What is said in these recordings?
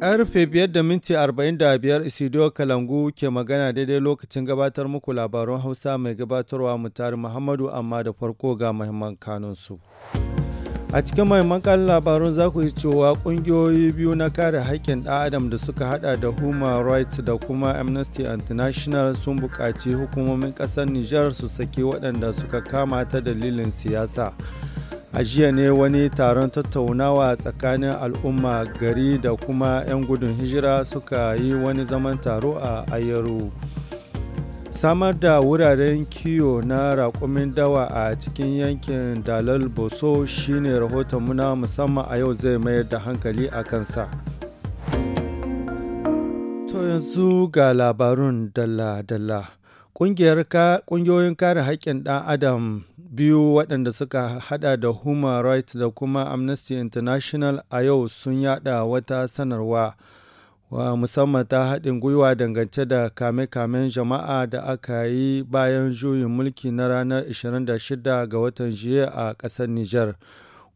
Karfe biyar da minti arba'in da biyar Isidio Kalangu ke magana daidai lokacin gabatar muku labarun Hausa mai gabatarwa mutari Muhammadu amma da farko ga mahimman kanunsu. A cikin mahimman kanun labarun za ku yi cewa kungiyoyi biyu na kare haƙƙin ɗan adam da suka haɗa da Human Rights da kuma Amnesty International sun buƙaci hukumomin ƙasar Nijar su saki waɗanda suka kama ta dalilin siyasa. a jiya ne wani taron tattaunawa tsakanin al'umma gari da kuma 'yan gudun hijira suka yi wani zaman taro a ayaru samar da wuraren kiyo na raƙumin dawa a cikin yankin dalal boso shine rahoton muna musamman a yau zai mayar da hankali a kansa to yanzu ga labarun dalla-dalla Ƙungiyoyin kare haƙƙin ɗan Adam biyu waɗanda suka haɗa da Human Rights da kuma Amnesty International a yau sun yaɗa wata sanarwa wa musamman ta haɗin gwiwa dangance da kame-kamen jama'a da aka yi bayan juyin mulki na ranar 26 ga watan jiya a ƙasar Nijar.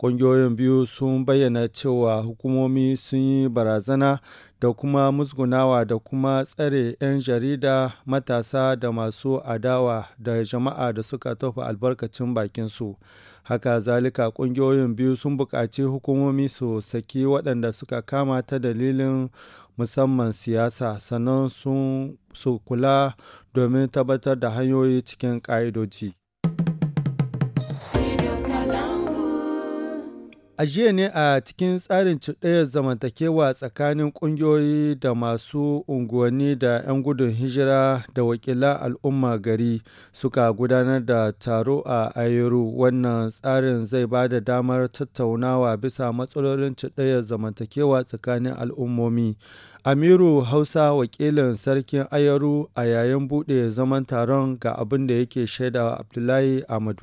Ƙungiyoyin biyu sun bayyana cewa hukumomi sun yi barazana da kuma musgunawa da kuma tsare 'yan jarida matasa da masu adawa da jama'a da suka tofa albarkacin bakinsu haka zalika ƙungiyoyin biyu sun buƙaci hukumomi su saki waɗanda suka kama ta dalilin musamman siyasa sannan su kula domin tabbatar da hanyoyi cikin ƙa'idoji. Ajiye ne a cikin tsarin cuɗayar zamantakewa tsakanin ƙungiyoyi da masu unguwanni da 'yan gudun hijira da wakilan al'umma gari suka gudanar da taro a Ayero. Wannan tsarin zai ba da damar tattaunawa bisa matsalolin cuɗayar zamantakewa tsakanin al'ummomi. Amiru Hausa wakilin sarkin Ayaru a yayin buɗe zaman taron ga abin da yake shaidawa Abdullahi Ahmadu.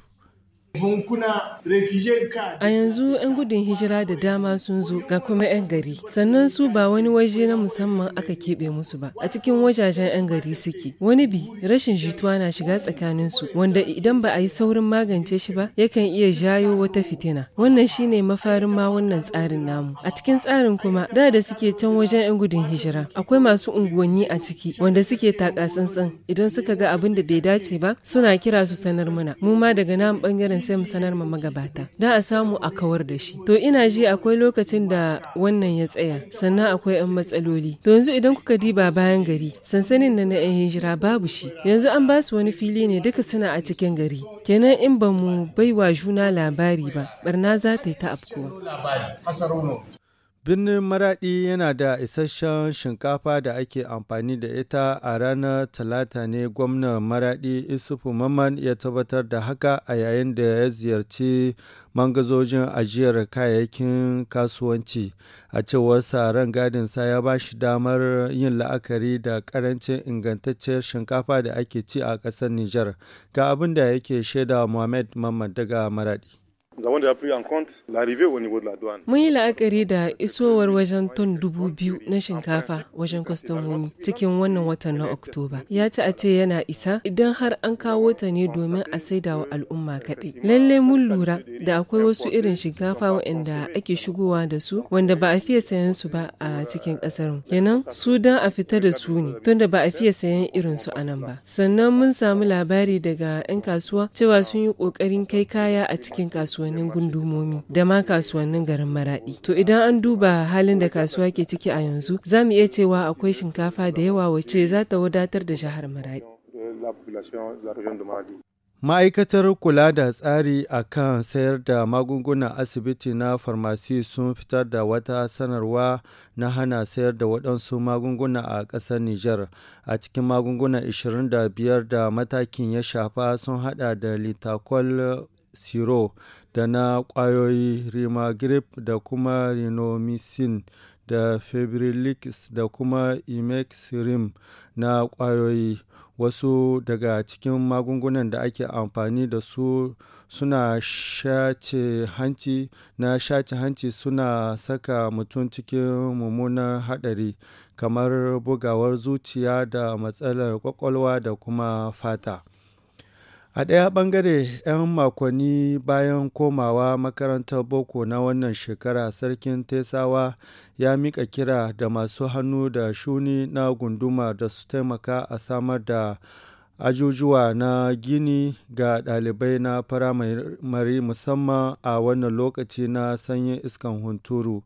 A yanzu 'yan gudun hijira da dama sun zo ga kuma 'yan gari. Sannan su ba wani waje na musamman aka keɓe musu ba. A cikin wajajen 'yan gari suke. Wani bi rashin jituwa na shiga tsakanin su wanda idan ba a yi saurin magance shi ba yakan iya jayo wata fitina. Wannan shi ne mafarin ma wannan tsarin namu. A cikin tsarin kuma da da suke can wajen 'yan gudun hijira akwai masu unguwanni a ciki wanda suke taka tsantsan idan suka ga abin da bai dace ba suna kira su sanar mana. Mu ma daga nan ɓangaren wannan sai mu sanar ma magabata don a samu a kawar da shi to ina ji akwai lokacin da wannan ya tsaya sannan akwai 'yan matsaloli to yanzu idan kuka diba bayan gari sansanin na na 'yan hijira babu shi yanzu an ba su wani fili ne duka suna a cikin gari kenan in ba mu baiwa juna labari ba barna za ta yi ta afkuwa Birnin Maraɗi yana da isasshen shinkafa da ake amfani da ita a ranar Talata ne gwamnan Maraɗi Isufu Maman ya tabbatar da haka a yayin da ya ziyarci mangazojin ajiyar kayayyakin kasuwanci. A cewar sa ran gadinsa ya ba shi damar yin la'akari da karancin ingantacciyar shinkafa da ake ci a ƙasar Nijar. Ga abin da yake shaida Mohamed Mamman daga Maraɗi. Mun yi la'akari da isowar wajen ton dubu biyu na shinkafa wajen kwastomomi cikin wannan watan na Oktoba. Ya ci a ce yana isa idan har an kawo ta ne domin a saida wa al'umma kaɗai. Lalle mun lura da akwai wasu irin shinkafa waɗanda ake shigowa da su wanda ba a fiye sayan su ba a cikin ƙasar. Kenan su dan a fita da su ne tunda ba a fiye sayan irin su a nan ba. Sannan mun samu labari daga 'yan kasuwa cewa sun yi ƙoƙarin kai kaya a cikin kasuwa. kasuwannin gundumomi da ma kasuwannin garin Maraɗi. To idan an duba halin da kasuwa ke ciki a yanzu, za mu iya cewa akwai shinkafa da yawa wacce za ta wadatar da jihar Maraɗi. Ma'aikatar kula da tsari a kan sayar da magunguna asibiti na farmasi sun fitar da wata sanarwa na hana sayar da waɗansu magunguna a ƙasar Nijar. A cikin magunguna 25 da matakin ya shafa sun haɗa da litakol siro da na ƙwayoyi rimagrip da kuma rinomycin da febrilix da kuma imexirim na ƙwayoyi wasu daga cikin magungunan da ake amfani da su suna shace hanci na shace hanci suna saka mutum cikin mummunan haɗari kamar bugawar zuciya da matsalar kwakwalwa da kuma fata. A ɗaya ɓangare, 'yan makonni bayan komawa makarantar boko na wannan shekara, Sarkin Tesawa ya miƙa kira da masu hannu da shuni na gunduma da su taimaka a samar da ajujuwa na gini ga ɗalibai na firamare musamman a wannan lokaci na sanyin iskan hunturu.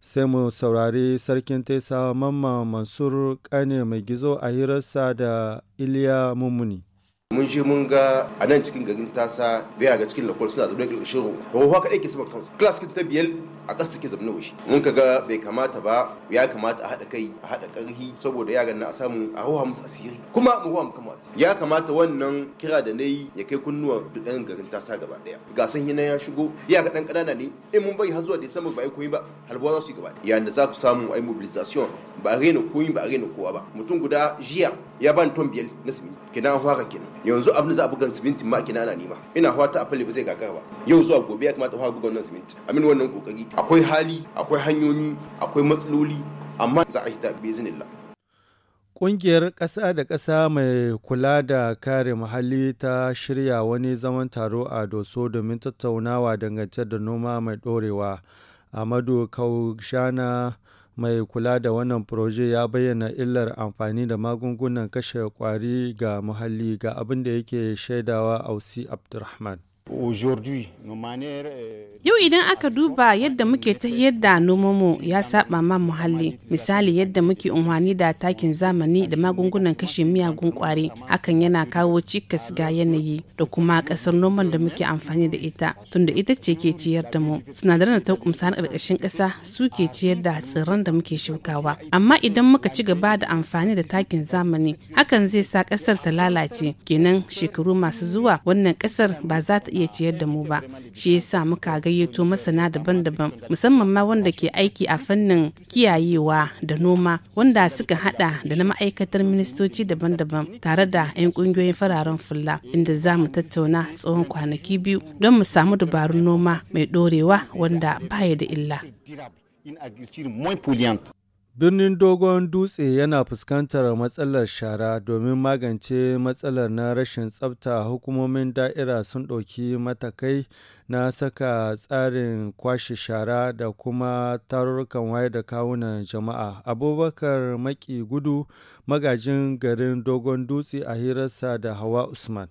Sai mu saurari Sarkin Tesawa Mamman Mansur Kane mai gizo a hirarsa da Iliya Mummuni. mun je mun ga a nan cikin garin tasa biya ga cikin lakol suna zaune ƙarƙashin ruwa ba kaɗai ke sama kansu class ta biyar a ƙasa take zamna shi mun kaga bai kamata ba ya kamata a haɗa kai a haɗa ƙarfi saboda yaran na a samu a hawa musu asiri kuma mu hawa mu asiri ya kamata wannan kira da nayi ya kai kunnuwa duk ɗan garin sa gaba ɗaya san hina ya shigo ya ga ɗan ƙanana ne in mun bai har zuwa samu ba ai koyi ba halbuwa za su yi gaba ɗaya yanda za ku samu ai mobilization ba a rena koyi ba a rena kowa ba mutum guda jiya ya ban ton biyar na siminti kina fara kenan yanzu abin za a bugan siminti ma kina na nima ina ta a fali ba zai gagara ba yau zuwa gobe ya kamata a buga wannan siminti amin wannan kokari akwai hali akwai hanyoyi akwai matsaloli amma za a hita zinilla Ƙungiyar ƙasa da ƙasa mai kula da kare muhalli ta shirya wani zaman taro a Doso domin tattaunawa dangance da noma mai ɗorewa. Amadu Kaushana mai kula da wannan proje ya bayyana illar amfani da magungunan kashe kwari ga muhalli ga abin da yake shaidawa Ausi Abdulrahman. Euh, Yau idan aka duba yadda muke ta da nomanmu ya saba ma muhalli, misali yadda muke umarni da takin zamani da magungunan kashe miyagun kwari, hakan yana kawo cikas ga yanayi da kuma kasar noman da muke amfani da ita, tunda ita ce ke ciyar da mu. Sinadaran da ta kumsa na ƙarƙashin ƙasa su ke ciyar da tsirran da muke shukawa. Amma idan muka ci gaba da amfani da takin zamani, hakan zai sa ƙasar ta lalace, kenan shekaru masu zuwa wannan ƙasar ba za ta iya ciyar da mu ba shi yasa muka gayyato masana daban-daban musamman ma wanda ke aiki a fannin kiyayewa da noma wanda suka hada da na ma'aikatar ministoci daban-daban tare da 'yan kungiyoyin fararen fulla inda za mu tattauna tsawon kwanaki biyu don mu samu dabarun noma mai dorewa wanda baya da illa. Birnin Dogon Dutse yana fuskantar matsalar shara domin magance matsalar na rashin tsafta hukumomin da'ira sun ɗauki matakai na saka tsarin kwashe shara da kuma tarurrukan wayar da kawunan jama'a. Abubakar Maki Gudu magajin garin Dogon Dutse a hirarsa da Hawa Usman.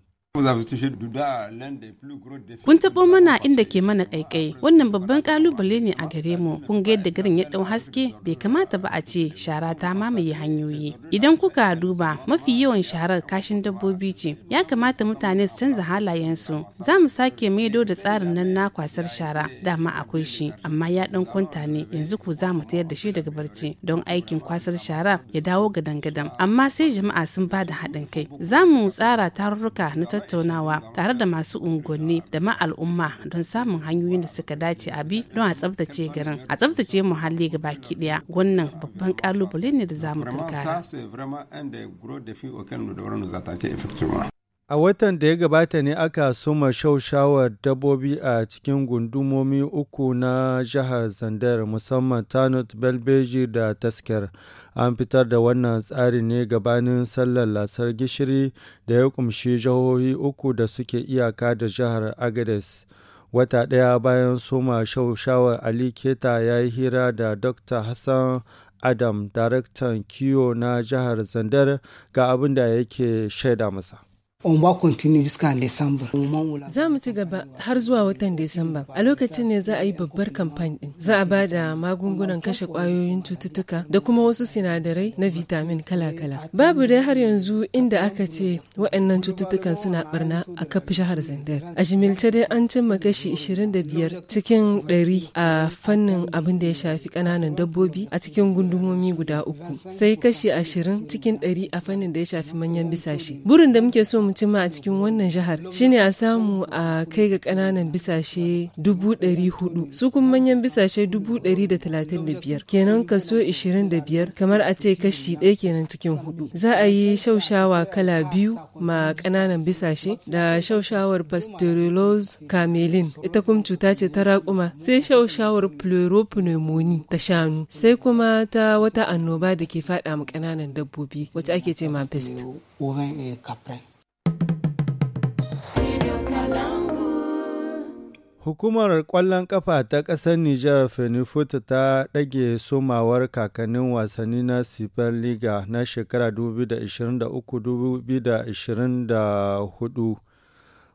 Kun taɓo mana inda ke mana ƙaiƙai, wannan babban ƙalubale ne a gare mu, kun ga yadda garin ya ɗau haske bai kamata ba a ce shara ta mamaye hanyoyi. Idan kuka duba mafi yawan sharar kashin dabbobi ce, ya kamata mutane su canza halayensu. Za mu sake maido da tsarin nan na kwasar shara, dama akwai shi, amma ya ɗan kwanta ne, yanzu ku za mu tayar da shi daga barci don aikin kwasar shara ya dawo gadan-gadan. Amma sai jama'a sun ba da haɗin kai. Za mu tsara tarurruka na tattalin tattaunawa tare da masu unguwanni da ma al'umma don samun hanyoyin da suka dace a bi don a tsabtace garin a tsabtace muhalli ga baki daya wannan babban kalubale ne da za mu tunkara A watan da ya gabata ne aka soma shaushawar dabbobi a cikin gundumomi uku na jihar Zandar musamman Tanut Belbeji da Tasker. An fitar da wannan tsari ne gabanin sallar lasar gishiri da ya kumshi jihohi uku da suke iyaka da jihar Agades. Wata ɗaya bayan soma shaushawar Ali Keta ya yi hira da Dr. Hassan Adam, daraktan kiwo na jihar Zandar ga abin da yake shaida masa. Za mu ci gaba har zuwa watan Disamba. A lokacin ne za a yi babbar kamfan ɗin. Za a ba da magungunan kashe kwayoyin cututtuka da kuma wasu sinadarai na vitamin kala-kala. Babu dai har yanzu inda aka ce waɗannan cututtukan suna barna a kafin shahar Zandar. A jimilce dai an cimma kashi 25 cikin 100 a fannin abin da ya shafi ƙananan dabbobi a cikin gundumomi guda uku. Sai kashi 20 cikin 100 a fannin da ya shafi manyan bisashe. Burin da muke so mutum a cikin wannan jihar shine a samu a kai ga ƙananan bisashe dubu ɗari hudu su kuma manyan bisashe dubu ɗari da talatin da biyar kenan kaso ishirin da biyar kamar a ce kashi ɗaya kenan cikin hudu za a yi shaushawa kala biyu ma ƙananan bisashe da shaushawar pasteurolose camelin ita kuma cuta ce ta raƙuma sai shaushawar pleuropneumoni ta shanu sai kuma ta wata annoba da ke faɗa ma ƙananan dabbobi wacce ake ce ma pest. Hukumar ƙwallon ƙafa ta ƙasar Nijar Fenifoot ta ɗage somawar kakannin wasanni na Super Liga na shekara 2023-2024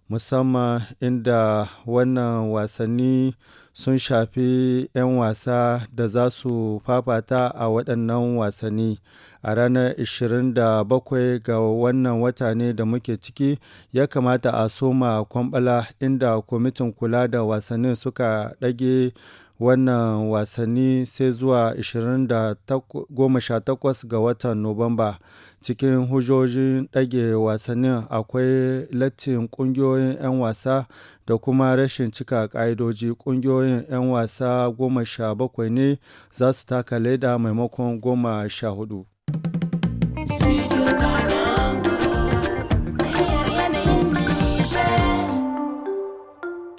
musamman inda wannan wasanni sun shafi 'yan wasa da za su fafata a waɗannan wasanni a ranar 27 ga wannan wata ne da muke ciki ya kamata a soma kwambala inda kwamitin kula da wasannin suka ɗage wannan wasanni sai zuwa 28 ga watan Nuwamba. Cikin hujjojin ɗage wasannin akwai lattin ƙungiyoyin 'yan wasa da kuma rashin cika ƙa'idoji ƙungiyoyin 'yan wasa goma sha bakwai ne za su taka leda maimakon goma sha hudu.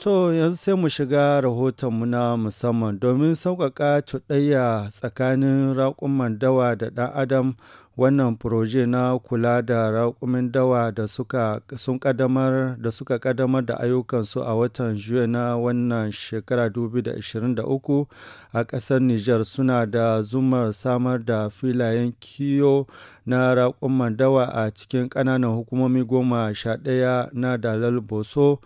To yanzu sai mu shiga rahotonmu na musamman domin sauƙaƙa cuɗayya tsakanin raƙuman dawa da ɗan adam wannan furoje na kula da raƙumin dawa da suka sun kadamar da suka kadamar da ayyukansu a watan juye na wannan shekara 2023 a ƙasar Nijar suna da zumar samar da filayen kiyo na raƙumin dawa a cikin ƙananan hukumomi goma sha ɗaya na dalal boso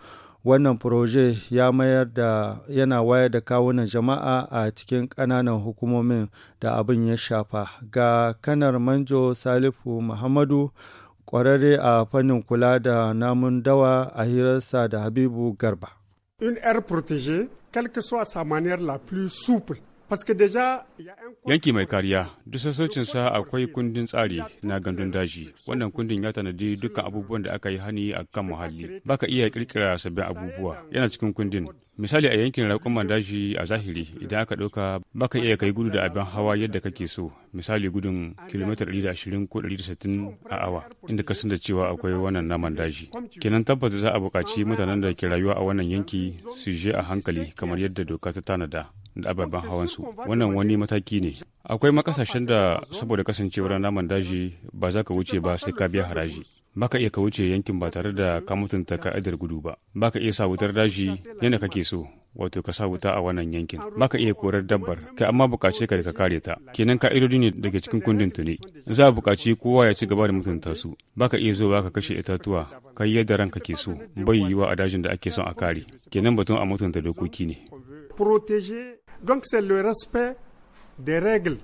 Wannan furoje ya mayar da yana wayar da kawunan jama'a a cikin ƙananan hukumomin da abin ya shafa. Ga kanar Manjo Salifu Muhammadu ƙwararre a fannin kula da namun dawa a hirarsa da Habibu Garba. Une air protégée, quelque samaniyar soit sa manière la plus souple, Yanki mai kariya, duk sa akwai kundin tsari na gandun daji. Wannan kundin ya tanadi dukkan abubuwan da aka yi hani a kan muhalli. Baka iya kirkira sabbin abubuwa, yana cikin kundin. Misali a yankin raƙuman daji a zahiri idan aka ɗauka baka iya kai gudu da abin hawa yadda kake so. Misali gudun kilomita 120 ko 160 a awa, inda ka san da cewa akwai wannan naman daji. Kenan tabbata za a buƙaci mutanen da ke rayuwa a wannan yanki su je a hankali kamar yadda doka ta tanada. da ababen su. wannan wani mataki ne akwai makasashen da saboda kasancewar naman daji ba za ka wuce ba sai ka biya haraji baka iya ka wuce yankin ba tare da ka mutunta ka'idar gudu ba baka iya sa wutar daji yana kake so wato ka sa wuta a wannan yankin baka iya korar dabbar kai amma bukace ka da ka kare ta kenan ka'idodi ne daga cikin kundin tuni za a bukaci kowa ya ci gaba da mutunta su baka iya zo ka kashe itatuwa kai yadda ranka ke so bai yiwuwa a dajin da ake son a kare kenan batun a mutunta dokoki ne protéger Donc c'est le respect des règles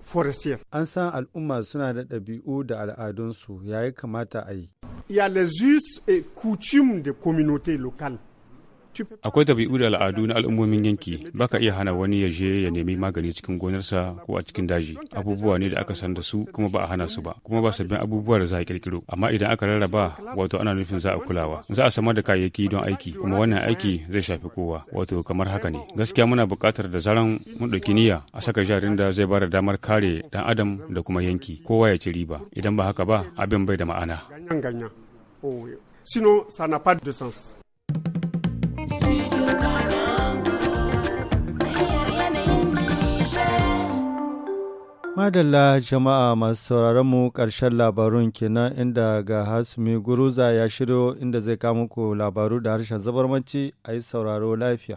forestières. Il y a les us et coutumes des communautés locales. Akwai tabi'u da al'adu na al'ummomin yanki, baka iya hana wani ya je ya nemi magani cikin gonarsa ko a cikin daji. Abubuwa ne da aka san da su kuma ba a hana su ba, kuma ba sabbin abubuwa da za a kirkiro. Amma idan aka rarraba, wato ana nufin za a kulawa. Za a samar da kayayyaki don aiki, kuma wannan aiki zai shafi kowa, wato kamar haka ne. Gaskiya muna buƙatar da zaran mun ɗauki niyya a saka jarin da zai ba da damar kare ɗan adam da kuma yanki. Kowa ya ci riba, idan ba haka ba abin bai da ma'ana. sinon ça n'a pas de sens. Madalla jama'a masu sauraron mu ƙarshen labarun kenan inda ga Hasumi Guruza ya shiryo inda zai kawo muku labaru da harshen zabarmanci a yi sauraro lafiya.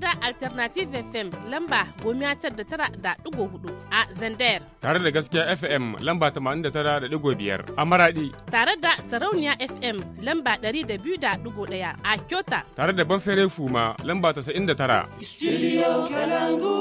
Alternative FM lamba goma ta da tara da ɗigo hudu a Zandayar. Tare da gaskiya FM lamba tamanin da tara da ɗigo biyar a Maradi. Tare da Sarauniya FM lamba ɗari da biyu da ɗigo ɗaya a Kyota. Tare da Banfere Fuma lamba tasa'in da tara. Studio Kalangu.